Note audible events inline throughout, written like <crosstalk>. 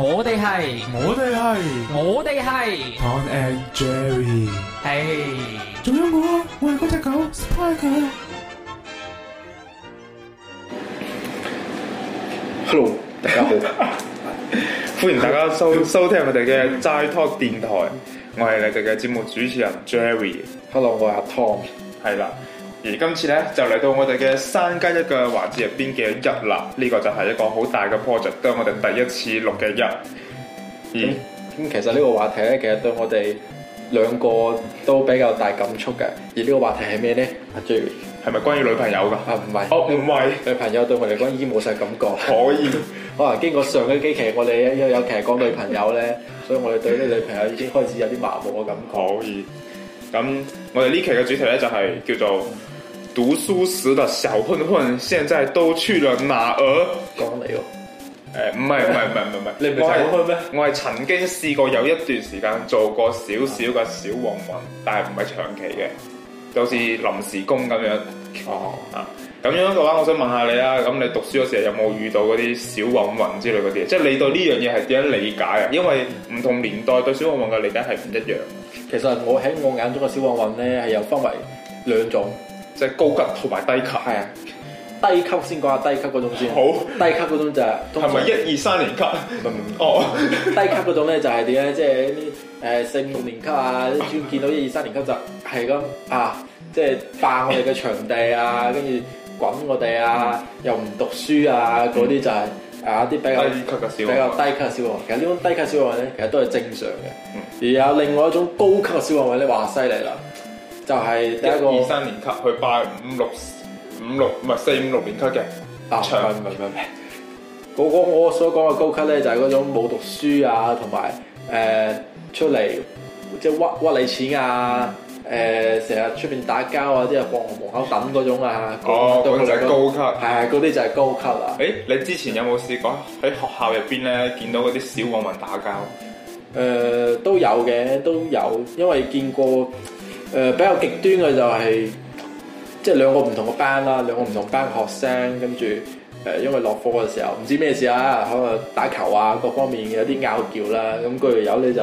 我哋係，我哋係，我哋係。Tom and Jerry，係。仲有我，我係嗰隻狗，Spiker。Hello，大家好。歡迎大家收收聽我哋嘅齋 Talk 電台，我係你哋嘅節目主持人 Jerry。Hello，我係阿 Tom，係啦。而今次咧就嚟到我哋嘅三加一嘅環節入邊嘅一啦，呢、這個就係一個好大嘅 project，都係我哋第一次錄嘅一。嗯、咁、嗯嗯、其實呢個話題咧，其實對我哋兩個都比較大感觸嘅。而呢個話題係咩呢？阿 J，係咪關於女朋友噶？啊，唔係，哦、oh，唔係，女朋友對我嚟講已經冇晒感覺。可以， <laughs> 可能經過上嗰幾期，我哋一有期係講女朋友呢，所以我哋對呢女朋友已經開始有啲麻木嘅感覺。可以，咁、嗯、我哋呢期嘅主題咧就係叫做。讀書時的小混混，現在都去了哪兒？講你哦，誒唔係唔係唔係唔係，我係我係曾經試過有一段時間做過少少嘅小混混，嗯、但係唔係長期嘅，就似臨時工咁樣哦啊。咁樣嘅話，我想問下你啊，咁你讀書嗰時候有冇遇到嗰啲小混混之類嗰啲？即係你對呢樣嘢係點樣理解啊？因為唔同年代對小混混嘅理解係唔一樣。嗯、其實我喺我眼中嘅小混混咧，係有分為兩種。即係高級同埋低級，係啊，低級先講下低級嗰種先，好，低級嗰種就係係咪一二三年級？哦，低級嗰種咧就係點咧？即係啲誒四五六年級啊，啲主要見到一二三年級就係咁啊，即係霸我哋嘅場地啊，跟住滾我哋啊，又唔讀書啊嗰啲就係啊一啲比較低級嘅小學，比較低級嘅小學。其實呢種低級小學咧，其實都係正常嘅。而有另外一種高級嘅小學，我哋咧話犀利啦。就係第一個二三年級去拜五六五六，唔係四五六年級嘅。哦，唔係唔係，唔唔唔，我我 <laughs> 我所講嘅高級咧，就係嗰種冇讀書啊，同埋誒出嚟即係屈屈你錢啊，誒成日出邊打交即係放學門口等嗰種啊。哦，嗰啲就係高級，係係嗰啲就係高級啦。誒、啊欸，你之前有冇試過喺學校入邊咧見到嗰啲小混混打交？誒、呃、都有嘅，都有，因為見過。誒比較極端嘅就係，即係兩個唔同嘅班啦，兩個唔同班嘅學生，跟住誒因為落課嘅時候唔知咩事啊，可能打球啊各方面有啲拗撬啦，咁佢又有咧就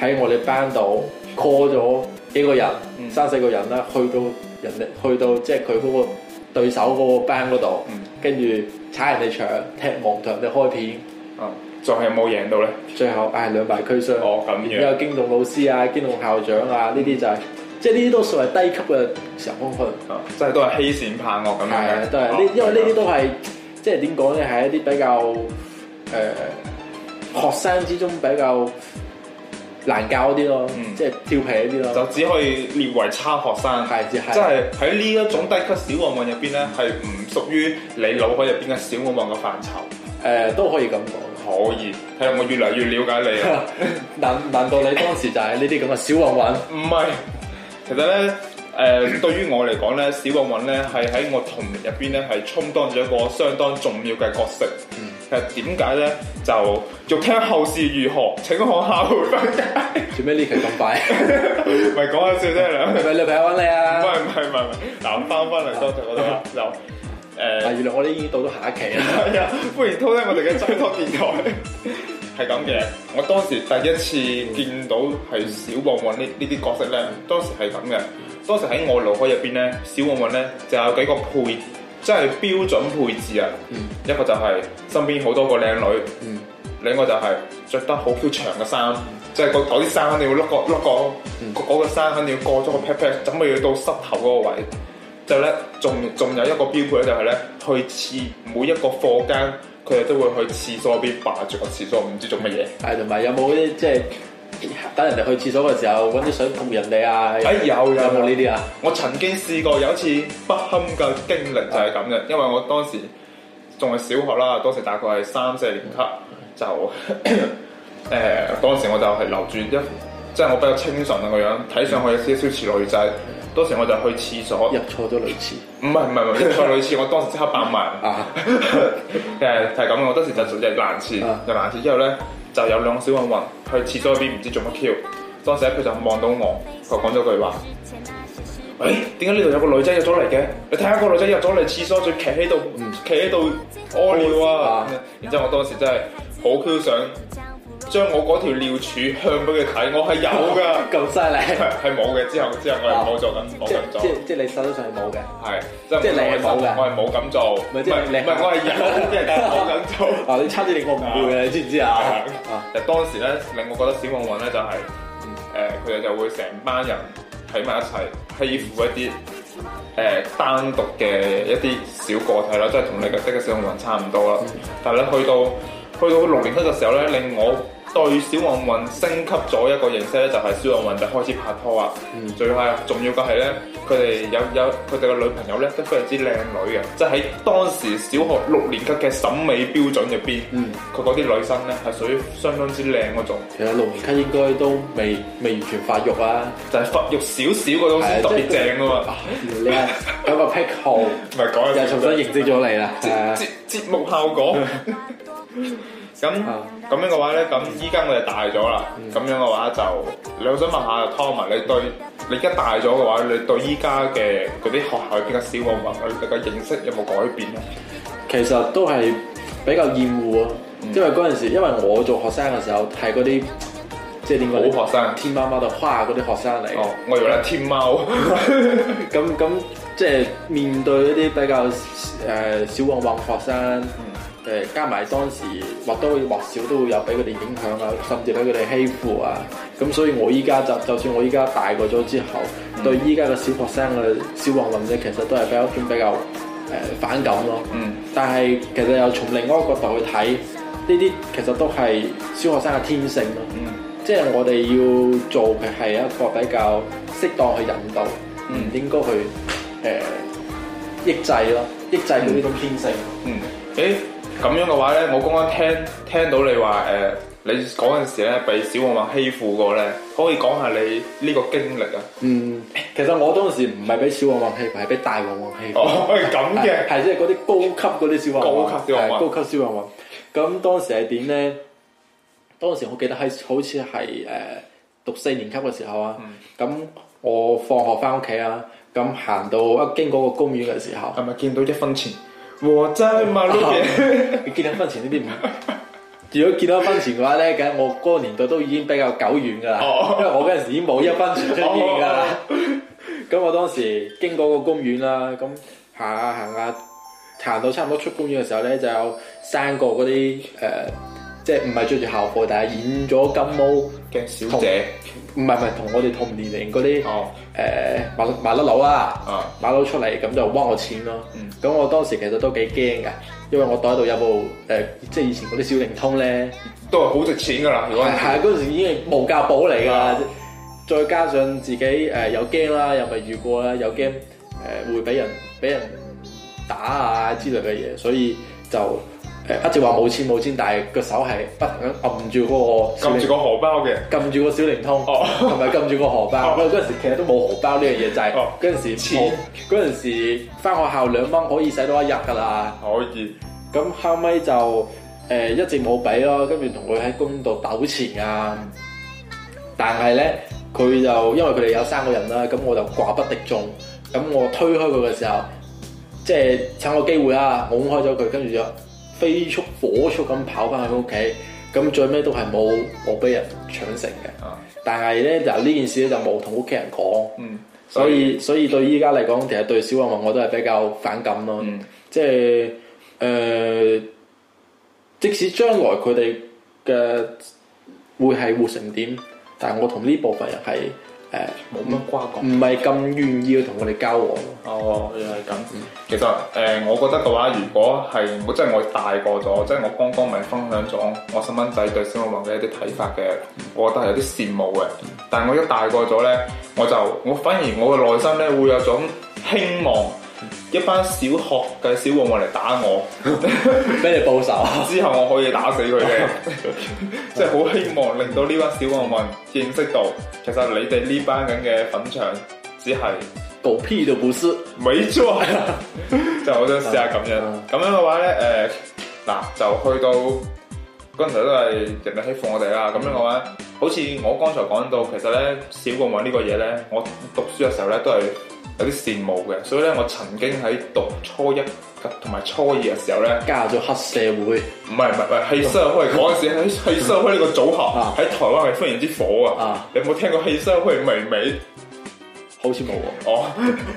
喺我哋班度 call 咗幾個人，三四個人啦，去到人哋去到即係佢嗰個對手嗰個班嗰度，跟住踩人哋場，踢網場，啲開片，仲最、啊、有冇贏到呢？最後唉、哎、兩敗俱傷。哦咁樣。然之後驚動老師啊，驚動校長啊，呢啲就係、是。嗯即係呢啲都算係低級嘅小混混，即係都係欺善怕惡咁樣。都係呢，因為呢啲都係即係點講咧，係一啲比較誒學生之中比較難教啲咯，即係調皮啲咯。就只可以列為差學生，即係喺呢一種低級小混混入邊咧，係唔屬於你腦海入邊嘅小混混嘅範疇。誒都可以咁講，可以。係我越嚟越了解你啊！難難道你當時就係呢啲咁嘅小混混？唔係。其實咧，誒、呃，對於我嚟講咧，小混混咧係喺我童年入邊咧係充當咗一個相當重要嘅角色。嗯、其實點解咧，就欲聽後事如何，請看下回分解。做咩呢期咁快？唔係講下笑啫， <laughs> 你。唔係女朋友揾你啊？喂，係唔係唔係，嗱翻翻嚟多謝我哋啦。有誒、 <laughs> 啊，原來我哋已經到咗下一期啦。係 <laughs> 啊，歡迎收聽我哋嘅《追風電台。》 <laughs> 係咁嘅，嗯、我當時第一次見到係小、小旺旺呢呢啲角色咧，當時係咁嘅。當時喺我腦海入邊咧，小旺旺咧就有幾個配，即、就、係、是、標準配置啊。嗯、一個就係身邊好多個靚女，嗯、另外就係着得好長嘅衫，即係個嗰啲衫肯定要碌個碌個，嗰個衫肯定要過咗個 pat pat，準備要到膝頭嗰個位。之後咧，仲仲有一個標配咧，就係咧去似每一個課間。佢哋都會去廁所邊，霸住個廁所，唔知做乜嘢。係，同埋有冇啲即係等人哋去廁所嘅時候，揾啲水潑人哋啊？誒、欸、有有冇呢啲啊？我曾經試過有一次不堪嘅經歷就係咁嘅，啊、因為我當時仲係小學啦，當時大概係三四年級就誒， <coughs> <coughs> 當時我就係留住一，即、就、係、是、我比較清純嘅個樣，睇上去有少少似女仔。嗯。當時我就去廁所入錯咗女廁，唔係唔係唔係入錯女廁， <laughs> 我當時即刻扮埋，誒就係咁。我當時就做咗男廁，入男 <laughs> 廁之後咧就有兩個小混混去廁所嗰邊唔知做乜 Q。當時咧佢就望到我，佢講咗句話：喂、欸，點解呢度有個女仔入咗嚟嘅？ <laughs> 你睇下個女仔入咗嚟廁所，仲企喺度，企喺度屙尿啊。」 <laughs> 然之後我當時真係好 Q 想。將我嗰條尿柱向俾佢睇，我係有㗎咁犀利，係冇嘅。之後之後我係冇做緊，冇咁做，即即即你手上係冇嘅，係即係你係冇嘅，我係冇咁做，唔係唔係我係有，即係冇咁做。啊！你差啲令我唔妙啊！你知唔知啊？啊！但當時咧令我覺得小混混咧就係誒，佢哋就會成班人喺埋一齊欺負一啲誒單獨嘅一啲小個體啦，即係同你嘅識嘅小混混差唔多啦。但係咧去到去到六年級嘅時候咧，令我對小黃雲升級咗一個認識咧，就係、是、小黃雲就開始拍拖啊！嗯，仲要係重要嘅係咧，佢哋有有佢哋嘅女朋友咧，都非常之靚女嘅，即、就、喺、是、當時小學六年級嘅審美標準入邊，嗯，佢嗰啲女生咧係屬於相當之靚嗰種。其實六年級應該都未未完全發育，發育小小啊，就係發育少少嗰種先特別正噶嘛。哇、啊，呢、啊那個癖好，唔係講，又重新認識咗你啦，嗯 uh, 節節，節目效果。 <laughs> <laughs> 咁咁樣嘅話咧，咁依家我哋大咗啦。咁、嗯、樣嘅話就，我想問下 Tom，你對你而家大咗嘅話，你對依家嘅嗰啲學校比較小混混嘅認識有冇改變咧？其實都係比較厭惡，嗯、因為嗰陣時，因為我做學生嘅時候係嗰啲即係點講？就是、好學生，天貓貓度，哇！嗰啲學生嚟。哦，我以為你係天貓。咁咁， <laughs> <laughs> 即係、就是、面對一啲比較誒、呃、小混混學生。嗯誒加埋當時或多或少都會有俾佢哋影響啊，甚至俾佢哋欺負啊。咁所以我依家就就算我依家大個咗之後，嗯、對依家嘅小學生嘅小黃鱔咧，其實都係比較一種比較誒、呃、反感咯。嗯。但係其實又從另外一個角度去睇，呢啲其實都係小學生嘅天性咯。嗯。即係我哋要做嘅係一個比較適當去引導，嗯，應該去誒抑制咯，抑制佢呢種天性。嗯。誒、嗯。欸咁樣嘅話呢，我剛剛聽聽到你話誒、呃，你嗰陣時咧被小混混欺負過呢，可以講下你呢個經歷啊？嗯，其實我當時唔係俾小混混欺負，係俾大混混欺負。哦，咁嘅係即係嗰啲高級嗰啲小混混，高級小混混。咁當時係點呢？當時我記得係好似係誒讀四年級嘅時候啊，咁、嗯、我放學翻屋企啊，咁行到一經過個公園嘅時候，係咪見到一分錢？我真係冇呢嘢，你結咗婚前呢啲唔？如果結咗婚前嘅話咧，咁我嗰個年代都已經比較久遠㗎啦，Oh. 因為我嗰陣時已經冇一分錢出現㗎啦。咁、Oh. <laughs> 我當時經過個公園啦，咁行下、啊、行下、啊，行到差唔多出公園嘅時候咧，就有三個嗰啲誒。呃即係唔係追住校服，但係演咗金毛嘅小姐，唔係唔係同我哋同年齡嗰啲，誒麻麻甩佬啦，甩佬、哦、出嚟咁就屈我錢咯。咁、嗯、我當時其實都幾驚噶，因為我袋度有部誒、呃，即係以前嗰啲小靈通咧，都係好值錢噶啦。係啊，嗰陣時已經無價寶嚟噶，嗯、再加上自己誒又驚啦，又咪遇過啦，又驚誒會俾人俾人打啊之類嘅嘢，所以就。就就就就就一直話冇錢冇錢，但係個手係不停撳住嗰個，撳住個荷包嘅，撳住個小靈通，同埋撳住個荷包。嗰陣、oh. 時其實都冇荷包呢樣嘢，就係嗰陣時錢。嗰陣、oh. 時返學校兩蚊可以使到、oh. 呃、一日㗎啦，可以。咁後尾就誒一直冇俾咯，跟住同佢喺公度糾纏啊。但係咧，佢就因為佢哋有三個人啦，咁我就寡不敵眾。咁我推開佢嘅時候，即係趁個機會啦，㧬開咗佢，跟住就。飛速、火速咁跑翻去屋企，咁最尾都係冇我俾人搶成嘅。但係咧，嗱呢件事咧就冇同屋企人講、嗯。所以，所以對依家嚟講，其實對小混混我都係比較反感咯。即係誒，即使將來佢哋嘅會係活成點，但係我同呢部分人係。冇乜瓜葛、嗯，唔係咁願意去同我哋交往。哦，又係咁。嗯、其實，誒、呃，我覺得嘅話，如果係我，即係我大個咗，即係我剛剛咪分享咗我細蚊仔對小學問嘅一啲睇法嘅，我覺得係有啲羨慕嘅。但係我一大個咗呢，我就我反而我嘅內心呢，會有種希望。一班小學嘅小混混嚟打我，俾你報仇。之後我可以打死佢嘅，即係好希望令到呢班小混混見識到，其實你哋呢班咁嘅粉腸只係狗屁都唔識，冇錯啦！就好想試下咁樣，咁樣嘅話咧，誒嗱就去到嗰陣時都係人哋欺負我哋啦。咁樣嘅話，好似我剛才講到，其實咧小混混呢個嘢咧，我讀書嘅時候咧都係。有啲羨慕嘅，所以咧，我曾經喺讀初一同埋初二嘅時候咧，加入咗黑社會。唔係唔係唔係，黑澀會嗰陣時喺黑澀會呢個組合喺、啊、台灣係非常之火啊！你有冇聽過黑澀會美眉？好似冇啊！哦，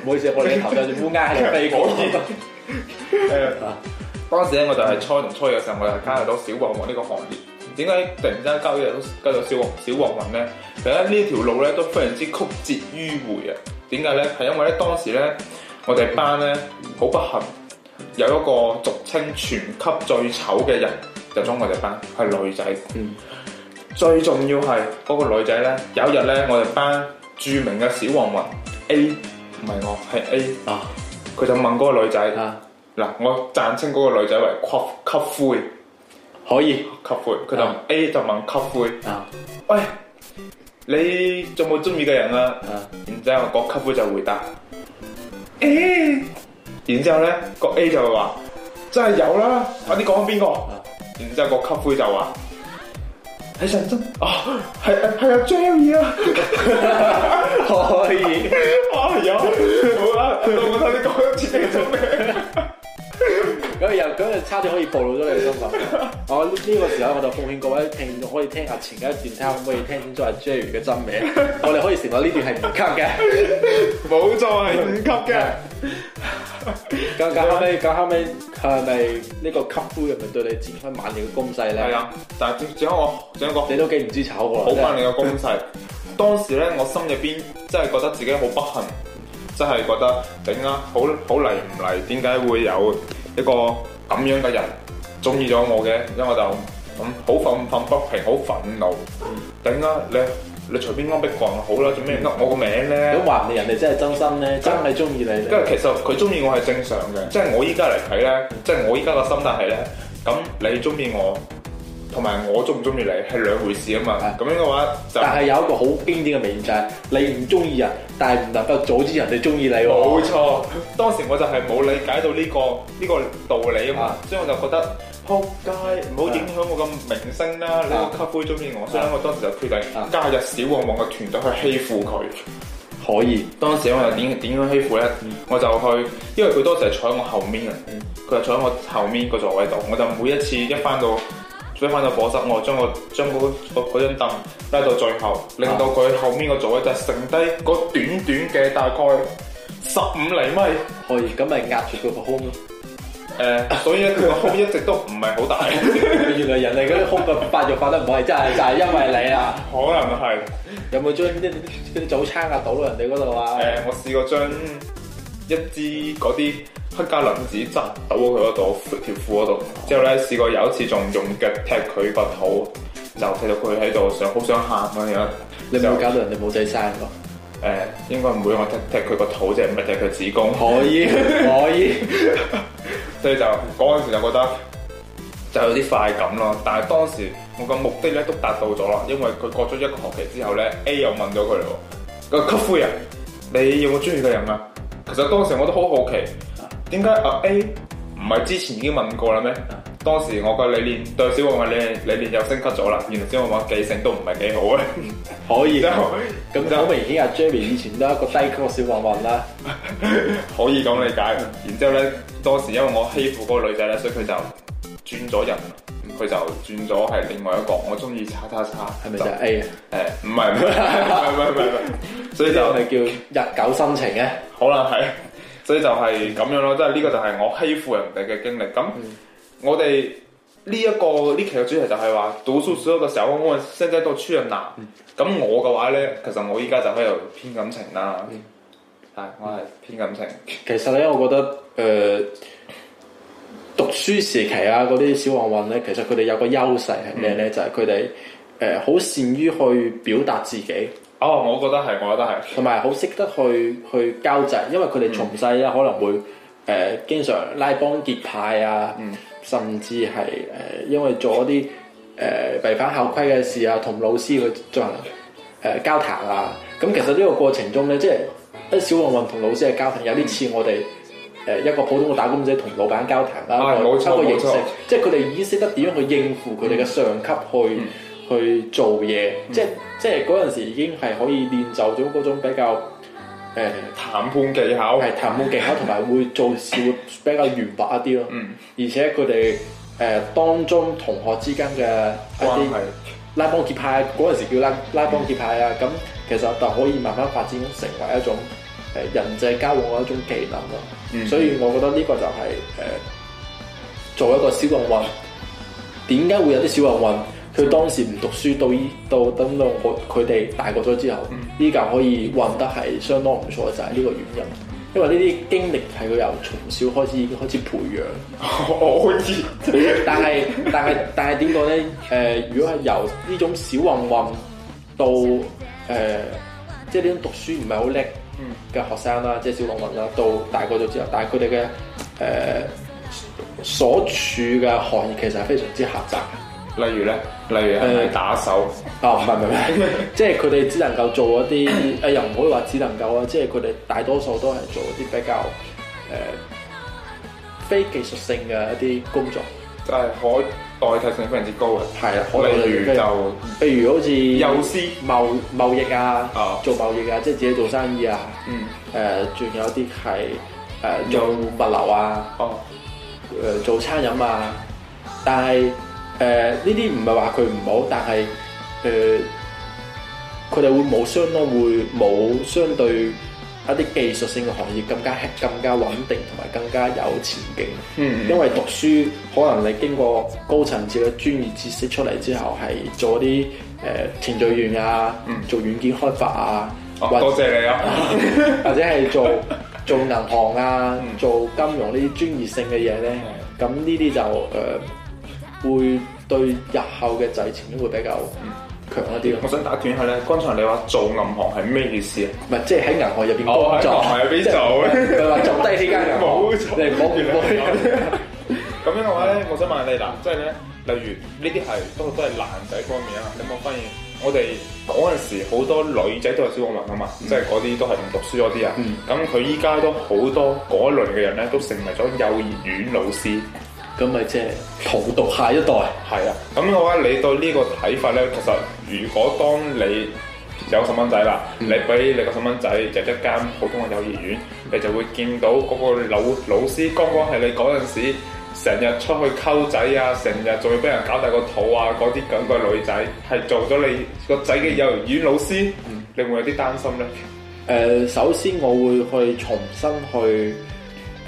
唔好意思，我哋頭有隻烏鴉喺飛過依度啊！當時咧，我就係初一同初二嘅時候，我又加入到小混混呢個行業。點解突然之間加入到小混小混混咧？其實呢條路咧都非常之曲折迂迴啊！點解呢？係因為咧當時呢，我哋班呢，好、嗯、不幸有一個俗稱全級最醜嘅人入咗我哋班，係女仔。嗯，最重要係嗰個女仔呢，有一日呢，我哋班著名嘅小黃雲 A 唔係我係 A 啊，佢就問嗰個女仔啦。嗱、啊，我贊稱嗰個女仔為吸灰，可以吸灰。佢同 A 就問吸灰啊，喂。啊哎你仲冇中意嘅人啊？Uh. 然之後嗰吸灰就回答，A，、哎、然之後咧，嗰 A 就話，真係有啦，uh. 快啲講邊個？Uh. 然之後嗰吸灰就話，係、哎、神針，哦，啊，係啊，Jerry 啦，可以，啊、 <laughs> <laughs> 哦、有，好啦，到我睇你講一次，你做咩？ <laughs> 又咁，你差啲可以暴露咗你嘅身份。我呢、 <laughs> 哦呢個時候，我就奉勸各位聽，可以聽下前一段睇下可唔可以聽清楚阿 Jerry 嘅真名？ <laughs> 我哋可以承諾呢段係五級嘅，冇錯係五級嘅。咁咁後尾，咁後尾係咪呢個級夫人咪對你展開猛烈嘅攻勢咧？係啊，但係正正我正喺個，你都幾唔知醜過好翻你嘅攻勢。的 <laughs> 當時咧，我心入邊真係覺得自己好不幸，真係覺得點啊，好好嚟唔嚟？點解會有？一個咁樣嘅人中意咗我嘅，然之後我就咁好憤憤不平，好憤怒。頂啦、嗯！你你隨便安彼狂好啦，做咩噏我個名咧，如果話你人哋真係真心咧，真係中意你。因為其實佢中意我係正常嘅，即係我依家嚟睇咧，即係我依家個心態係咧，咁你中意我。同埋我鍾唔鍾意你係兩回事啊嘛，咁樣嘅話，但係有一個好經典嘅名就係你唔鍾意人，但係唔能夠阻止人哋鍾意你喎。冇錯，當時我就係冇理解到呢個呢個道理啊嘛，所以我就覺得仆街，唔好影響我嘅名聲啦。你我咖啡鍾意我，所以我當時就決定加入小旺旺嘅團隊去欺負佢。可以，當時我又點點樣欺負咧？我就去，因為佢當時係坐喺我後面嘅，佢就坐喺我後面個座位度，我就每一次一翻到。俾翻到課室，我將個將嗰張凳拉到最後，令到佢後面個座位就剩低個短短嘅大概十五厘米。可以咁咪壓住佢個胸咯。誒、呃，所以咧，佢個胸一直都唔係好大。 <laughs> 原來人哋嗰啲胸嘅發育發得唔係真係， <laughs> 就係因為你有有啊。可能係。有冇將啲啲早餐啊倒落人哋嗰度啊？誒，我試過將。一支嗰啲黑加侖子扎到佢嗰度條褲嗰度，之後咧試過有一次仲用腳踢佢個肚，就踢到佢喺度想好想喊咁樣。你冇不就搞到人哋冇仔生咯？誒、呃，應該唔會，我踢踢佢個肚，即係唔係踢佢子宮？可以， <laughs> 可以。 <laughs> 所以就嗰陣時就覺得就有啲快感咯。但係當時我個目的咧都達到咗啦，因為佢過咗一個學期之後咧，A 又問咗佢咯：個 c 夫人，你有冇中意嘅人啊？其實當時我都好好奇，點解阿 A 唔係之前已經問過啦咩？當時我個理念對小混混理念又升級咗啦，原來小混混記性都唔係幾好啊，可以啦。咁就好明顯阿 Jamie 以前都係一個低級小混混啦，可以咁理解。然之後咧，當時因為我欺負嗰個女仔咧，所以佢就轉咗人。佢就轉咗係另外一個，我中意叉，叉叉叉，係咪就，係係就係 A 啊、欸？誒，唔係唔係唔係唔係，所以就係叫日久生情嘅，好啦係，所以就係咁樣咯。即係呢個就係我欺負人哋嘅經歷。咁、嗯、我哋呢一個呢期嘅主題就係話，讀書所有嘅時候我安升升到出人難。咁、嗯、我嘅話咧，其實我依家就喺度偏感情啦。係、嗯，我係偏感情。其實咧，我覺得誒。呃讀書時期啊，嗰啲小混混咧，其實佢哋有個優勢係咩咧？嗯、就係佢哋誒好善於去表達自己。哦，我覺得係，我覺得係。同埋好識得去去交際，因為佢哋從細咧、嗯、可能會誒、呃、經常拉幫結派啊，嗯、甚至係誒、呃、因為做一啲誒、呃、違反校規嘅事啊，同老師去進行誒交談啊。咁其實呢個過程中咧，即係小混混同老師嘅交談，有啲似我哋、嗯。誒一個普通嘅打工仔同老闆交談啦，一個形式，即係佢哋已經識得點樣去應付佢哋嘅上級去去做嘢，即係即係嗰陣時已經係可以練就咗嗰種比較誒談判技巧，係談判技巧，同埋會做事會比較圓滑一啲咯。嗯，而且佢哋誒當中同學之間嘅一啲拉幫結派，嗰陣時叫拉拉幫結派啊，咁其實就可以慢慢發展成為一種。誒，人際交往嘅一種技能咯，嗯、哼所以我覺得呢個就係、是、誒、呃、做一個小混混，點解會有啲小混混，佢當時唔讀書到，到依到等到我佢哋大個咗之後，依家、嗯、可以混得係相當唔錯，就係、是、呢個原因，因為呢啲經歷係佢由從小開始已經開始培養， <laughs> 我知，但係但係但係點講咧？誒、呃，如果係由呢種小混混到誒，即係呢種讀書唔係好叻。嘅、嗯、學生啦，即係小農民啦，到大個咗之後，但係佢哋嘅誒所處嘅行業其實係非常之狹窄嘅。例如咧，例如係打手啊，唔係唔係，即係佢哋只能夠做一啲，又唔可以話只能夠啊，即係佢哋大多數都係做一啲比較誒、呃、非技術性嘅一啲工作。即係可……代替性非常之高嘅，係啊的，可能例如就，譬如好似幼師貿貿易啊，做貿易啊，即係自己做生意啊，誒、mm. 呃，仲有啲係誒做物流啊，誒、oh. 呃、做餐飲啊，但係誒呢啲唔係話佢唔好，但係誒佢哋會冇相當會冇相對。一啲技術性嘅行業更加更加穩定同埋更加有前景，嗯，因為讀書可能你經過高層次嘅專業知識出嚟之後，係做啲誒、呃、程序員啊，嗯、做軟件開發啊，多謝你啊，或者係做做銀行啊，嗯、做金融呢啲專業性嘅嘢呢。咁呢啲就誒、呃、會對日後嘅仔錢會比較、嗯強一啲，我想打斷下咧，剛才你話做銀行係咩意思啊？唔係即係喺銀行入邊工作喺銀行入邊做？唔係話做低二間銀行？ <laughs> 錯你唔好亂講咁樣嘅話咧，我想問下你嗱，即係咧，例如呢啲係都都係男仔方面啊，你有冇發現？我哋嗰陣時好多女仔都係小學文啊嘛，嗯、即係嗰啲都係唔讀書嗰啲啊。咁佢依家都好多嗰一類嘅人咧，都成為咗幼兒園老師。咁咪即係荼毒下一代。係啊，咁嘅話，你對呢個睇法咧，其實如果當你有細蚊仔啦，嗯、你俾你個細蚊仔入一間普通嘅幼兒園，嗯、你就會見到嗰個老老師剛剛，剛剛係你嗰陣時成日出去溝仔啊，成日仲要俾人搞大個肚啊，嗰啲咁嘅女仔，係做咗你個仔嘅幼兒園老師，嗯、你會有啲擔心咧？誒、呃，首先我會去重新去。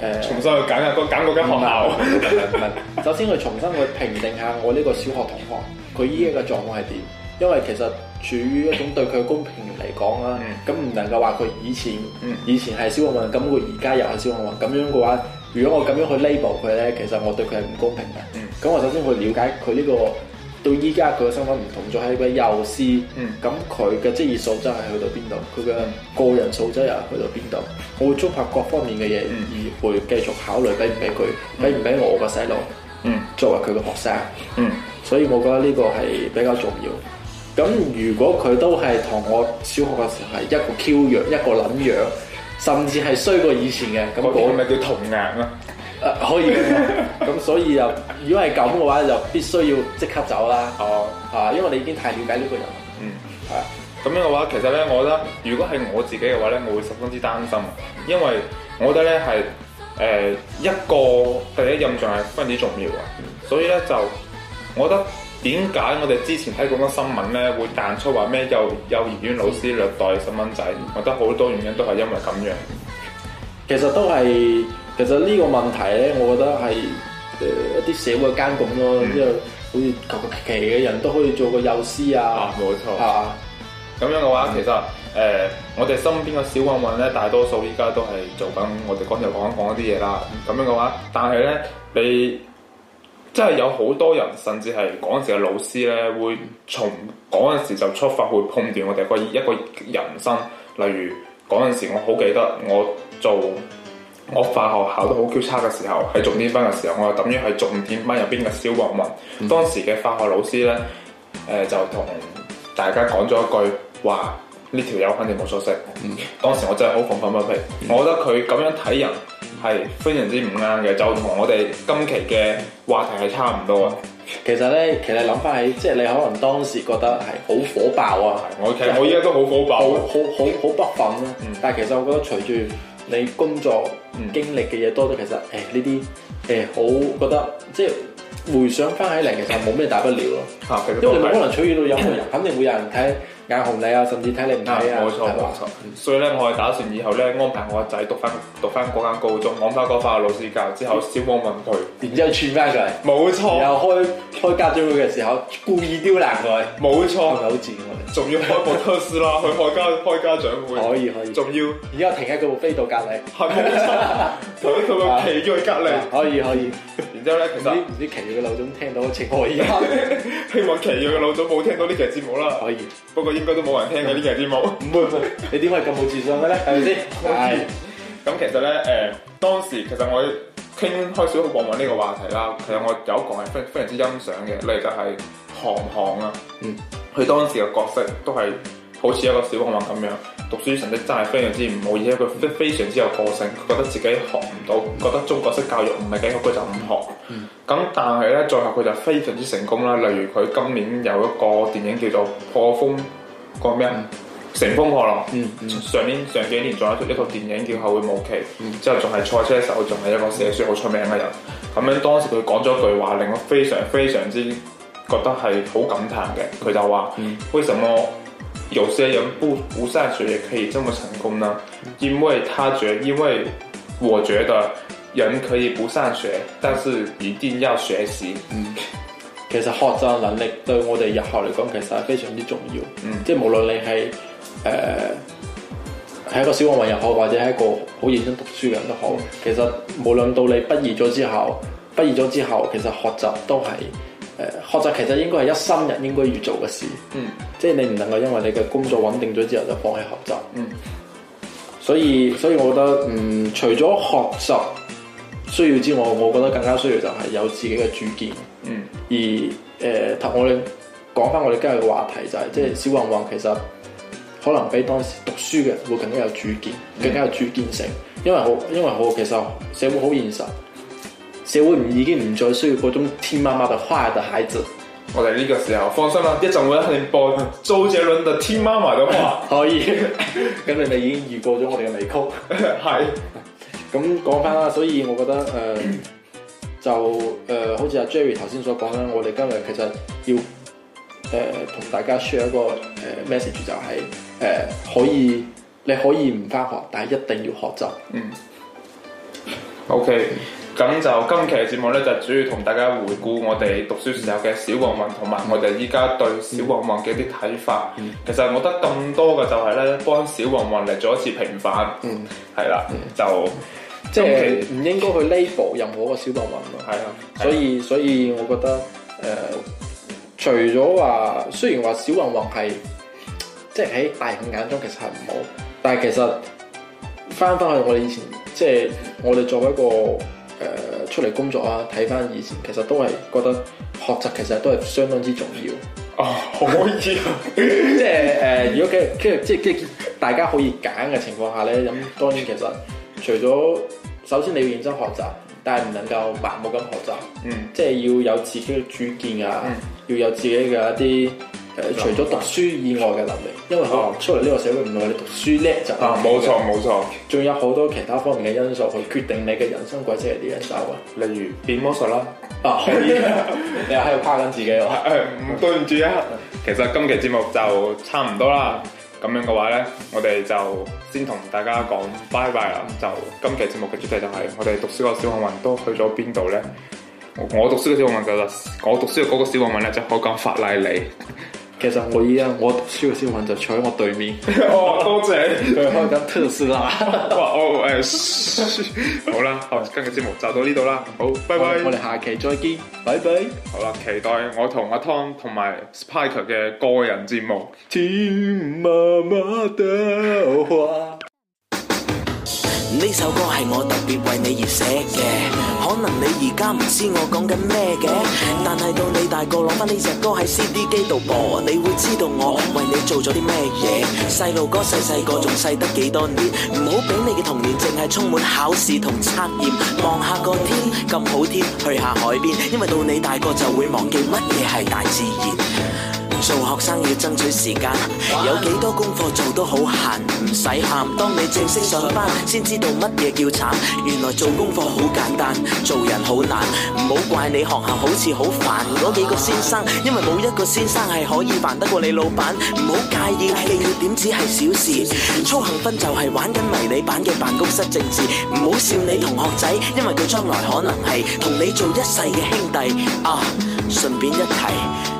誒重新去揀啊，個揀嗰間學校唔係。 <laughs> 首先去重新去評定下我呢個小學同學，佢依家嘅狀況係點？因為其實處於一種對佢嘅公平嚟講啦，咁唔、嗯、能夠話佢以前、嗯、以前係小學混，咁佢而家又係小學混，咁樣嘅話，如果我咁樣去 label 佢咧，其實我對佢係唔公平嘅。咁、嗯、我首先去了解佢呢、呢個。到依家佢嘅身份唔同咗，係一位幼師，咁佢嘅職業素質係去到邊度？佢嘅個人素質又去到邊度？我會綜合各方面嘅嘢，嗯、而會繼續考慮俾唔俾佢，俾唔俾我個細路作為佢嘅學生。嗯、所以我覺得呢個係比較重要。咁、嗯、如果佢都係同我小學嘅時候係一個驕弱、一個撚樣，甚至係衰過以前嘅，咁咪、嗯那個、叫童壓咯。啊、可以咁， <laughs> 所以又如果係咁嘅話，就必須要即刻走啦。哦，啊，因為你已經太了解呢個人。嗯，係咁是樣嘅話，其實咧，我覺得如果係我自己嘅話咧，我會十分之擔心，因為我覺得咧係誒一個第一印象係非常之重要啊。所以咧就，我覺得點解我哋之前睇咁多新聞咧會彈出話咩幼幼兒園老師虐待細蚊仔，是我覺得好多原因都係因為咁樣。其實都係。其實呢個問題咧，我覺得係誒、呃、一啲社會嘅監管咯，之後、嗯、好似求其嘅人都可以做個幼師啊，冇錯、啊，咁吧樣嘅話，其實誒、呃、我哋身邊嘅小混混咧，大多數依家都係做緊我哋剛才講一講一啲嘢啦。咁樣嘅話，但係咧你即係有好多人，甚至係嗰陣時嘅老師咧，會從嗰陣時就出發，去判斷我哋個一個人生。例如嗰陣時我，我好記得我做。我化學考得好差嘅時候，喺重點班嘅時候，我就等於喺重點班入邊嘅小混混。嗯、當時嘅化學老師咧，誒、呃、就同大家講咗一句話：呢條友肯定冇所識。嗯嗯、當時我真係好憤憤不平。嗯、我覺得佢咁樣睇人係非常之唔啱嘅，就同我哋今期嘅話題係差唔多嘅。其實咧，其實諗翻起，即係你可能當時覺得係好火爆啊！Okay, 就是、我其實我依家都好火爆、啊好，好好好，好，好，好，好不忿啊。但係其實我覺得隨住。你工作經歷嘅嘢多咗，其實誒呢啲誒好覺得，即係回想翻起嚟，其實冇咩大不了咯。啊、其實因為你冇可能取悦到任何人， <coughs> 肯定會有人睇。眼紅你啊，甚至睇你唔起啊！冇錯冇錯，所以咧我係打算以後咧安排我個仔讀翻讀翻嗰間高中，揾翻嗰個化學老師教之後，小冇問佢，然之後串翻佢，冇錯，然後開開家長會嘅時候故意刁難佢，冇錯，係咪好賤？仲要開博特斯啦，去開家開家長會，可以可以，仲要然之後停喺佢飛到隔離，停喺佢飛咗去隔離，可以可以。然之後咧唔知唔知奇瑞嘅老總聽到似可以，希望奇瑞嘅老總冇聽到呢隻節目啦。可以，不過。應該都冇人聽嘅 <laughs> <laughs> 呢期節目。唔會，你點解咁冇自信嘅咧？係咪先？係。咁其實咧，誒當時其實我傾開小學王莽呢個話題啦，其實我有一個係非非常之欣賞嘅，例如就係韓寒啊。佢、嗯、當時嘅角色都係好似一個小學王莽咁樣，讀書成績真係非常之唔好，而且佢非非常之有個性，佢覺得自己學唔到，覺得中國式教育唔係幾好，佢就唔學。嗯。咁但係咧，最後佢就非常之成功啦。例如佢今年有一個電影叫做《破風》。講咩？乘、嗯、風破浪，嗯嗯、上年，上幾年仲有一一套電影叫《後會無期》，嗯，之後仲係賽車手，仲係一個寫書好出名嘅人。咁樣、嗯、當時佢講咗一句話，令我非常非常之覺得係好感嘆嘅。佢就話：嗯、為什麼有些人不不上學也可以這麼成功呢？嗯、因為他覺得，因為我覺得人可以不上學，但是一定要學習。嗯嗯其實學習能力對我哋日後嚟講，其實係非常之重要。嗯，即係無論你係誒係一個小混混又好，或者係一個好認真讀書嘅人都好，其實無論到你畢業咗之後，畢業咗之後，其實學習都係誒、uh, 學習，其實應該係一生人應該要做嘅事。嗯，即係你唔能夠因為你嘅工作穩定咗之後就放棄學習。嗯，所以所以我覺得，嗯，除咗學習需要之外，我覺得更加需要就係有自己嘅主見。嗯，而同、呃、我哋講翻我哋今日嘅話題就係、是，即係、嗯、小混混其實可能比當時讀書嘅人會更加有主見，嗯、更加有主見性。因為我因為我其實社會好現實，社會唔已經唔再需要嗰種聽媽媽嘅話嘅孩子。我哋呢個時候放心啦，一陣我喺度播周杰倫嘅《聽媽媽的話》嘅話， <laughs> <laughs> 可以。咁你咪已經預告咗我哋嘅尾曲？係、 <laughs> <laughs> 嗯。咁講翻啦，所以我覺得誒。呃 <laughs> 就誒、呃，好似阿 Jerry 頭先所講啦，我哋今日其實要誒同、呃、大家 share 一個誒 message，、呃呃、就係、是、誒、呃、可以你可以唔返學，但係一定要學習。嗯。OK，咁就今期嘅節目咧，就主要同大家回顧我哋讀書時候嘅小黃雲，同埋我哋依家對小黃雲嘅啲睇法。嗯、其實我覺得更多嘅就係咧，幫小黃雲嚟做一次平反。嗯。係啦，就。嗯即係唔應該去 label 任何一個小混混咯， <noise> 所以所以我覺得誒、呃，除咗話雖然話小混混係即係喺大人眼中其實係唔好，但係其實翻翻去我哋以前，即、就、係、是、我哋作為一個誒、呃、出嚟工作啊，睇翻以前，其實都係覺得學習其實都係相當之重要。啊，可以、啊，即係誒，呃、 <laughs> 如果嘅即係即係大家可以揀嘅情況下咧，咁當然其實。除咗首先你要認真學習，但係唔能夠盲目咁學習，嗯、即係要有自己嘅主見啊，嗯、要有自己嘅一啲，呃、法除咗讀書以外嘅能力，因為可能出嚟呢個社會唔係、嗯、你讀書叻就，啊冇錯冇錯，仲有好多其他方面嘅因素去決定你嘅人生軌跡係點樣走啊，例如變魔術啦，啊可以啊， <laughs> 你又喺度誇緊自己喎，誒、嗯、對唔住啊， <laughs> 其實今期節目就差唔多啦。嗯咁樣嘅話呢，我哋就先同大家講拜拜啦。就今期節目嘅主題就係我哋讀書嘅小學文都去咗邊度呢？我讀書嘅小學文就係、我讀書嘅嗰個小學文呢，就開緊法拉利。其實我依家我讀書嘅小混混就坐喺我對面。哦，多謝。佢開緊特斯拉 <laughs> 哇。我、oh, 誒、欸， <laughs> 好啦，今日節目就到呢度啦。好，拜拜，嗯。我哋下期再見。再見，拜拜。拜拜 好啦，期待我同阿 Tom 同埋 Spike 嘅個人節目。聽媽媽的話。 <laughs> 呢首歌係我特別為你而寫嘅，可能你而家唔知我講緊咩嘅，但係到你大個攞返呢隻歌喺 CD 機度播，你會知道我為你做咗啲咩嘢。細路哥細細個仲細得幾多年，唔好俾你嘅童年淨係充滿考試同測驗。望下個天咁好天，去下海邊，因為到你大個就會忘記乜嘢係大自然。做學生要爭取時間，玩有幾多功課做都好閒，唔使喊。當你正式上班，先知道乜嘢叫慘。原來做功課好簡單，做人好難。唔好怪你學校好似好煩，嗰幾個先生，因為冇一個先生係可以煩得過你老闆。唔好介意，你缺點只係小事。操行分就係玩緊迷你版嘅辦公室政治。唔好笑你同學仔，因為佢將來可能係同你做一世嘅兄弟。啊，順便一提。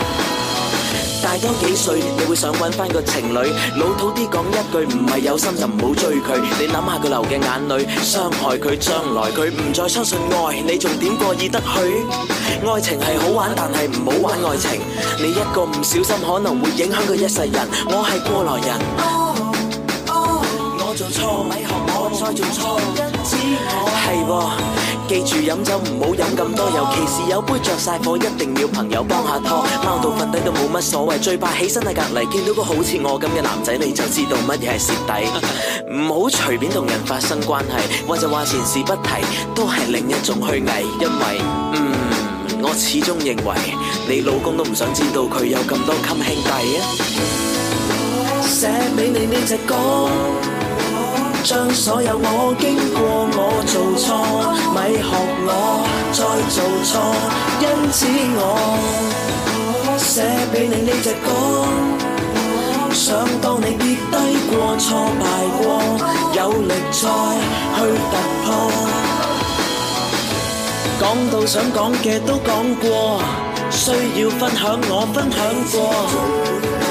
大多幾歲，你會想揾翻個情侶？老土啲講一句，唔係有心就唔好追佢。你諗下佢流嘅眼淚，傷害佢，將來佢，唔再相信愛。你仲點過意得去？愛情係好玩，但係唔好玩愛情。你一個唔小心，可能會影響佢一世人。我係過來人。我做錯咪學我再做錯一次。係。記住飲酒唔好飲咁多，尤其是有杯着晒火，一定要朋友幫下拖。踎到瞓低都冇乜所謂，最怕起身喺隔離見到個好似我咁嘅男仔，你就知道乜嘢係蝕底。唔 <laughs> 好隨便同人發生關係，或者話前事不提都係另一種虛偽。因為，嗯，我始終認為你老公都唔想知道佢有咁多襟兄弟啊。寫俾你呢隻歌。將所有我經過，我做錯，咪學我再做錯。因此我寫俾你呢隻歌，想當你跌低過、挫敗過，有力再去突破。講到想講嘅都講過，需要分享我分享過。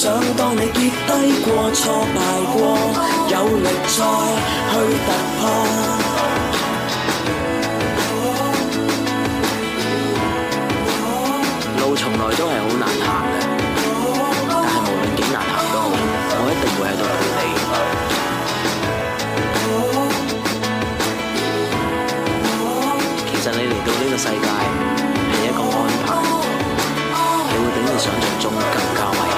想當你跌低過有力再去突破。路從來都係好難行嘅，但係無論幾難行都好， <music> 我一定會喺度陪你。其實你嚟到呢個世界係一個安排，你會比你想像中更加。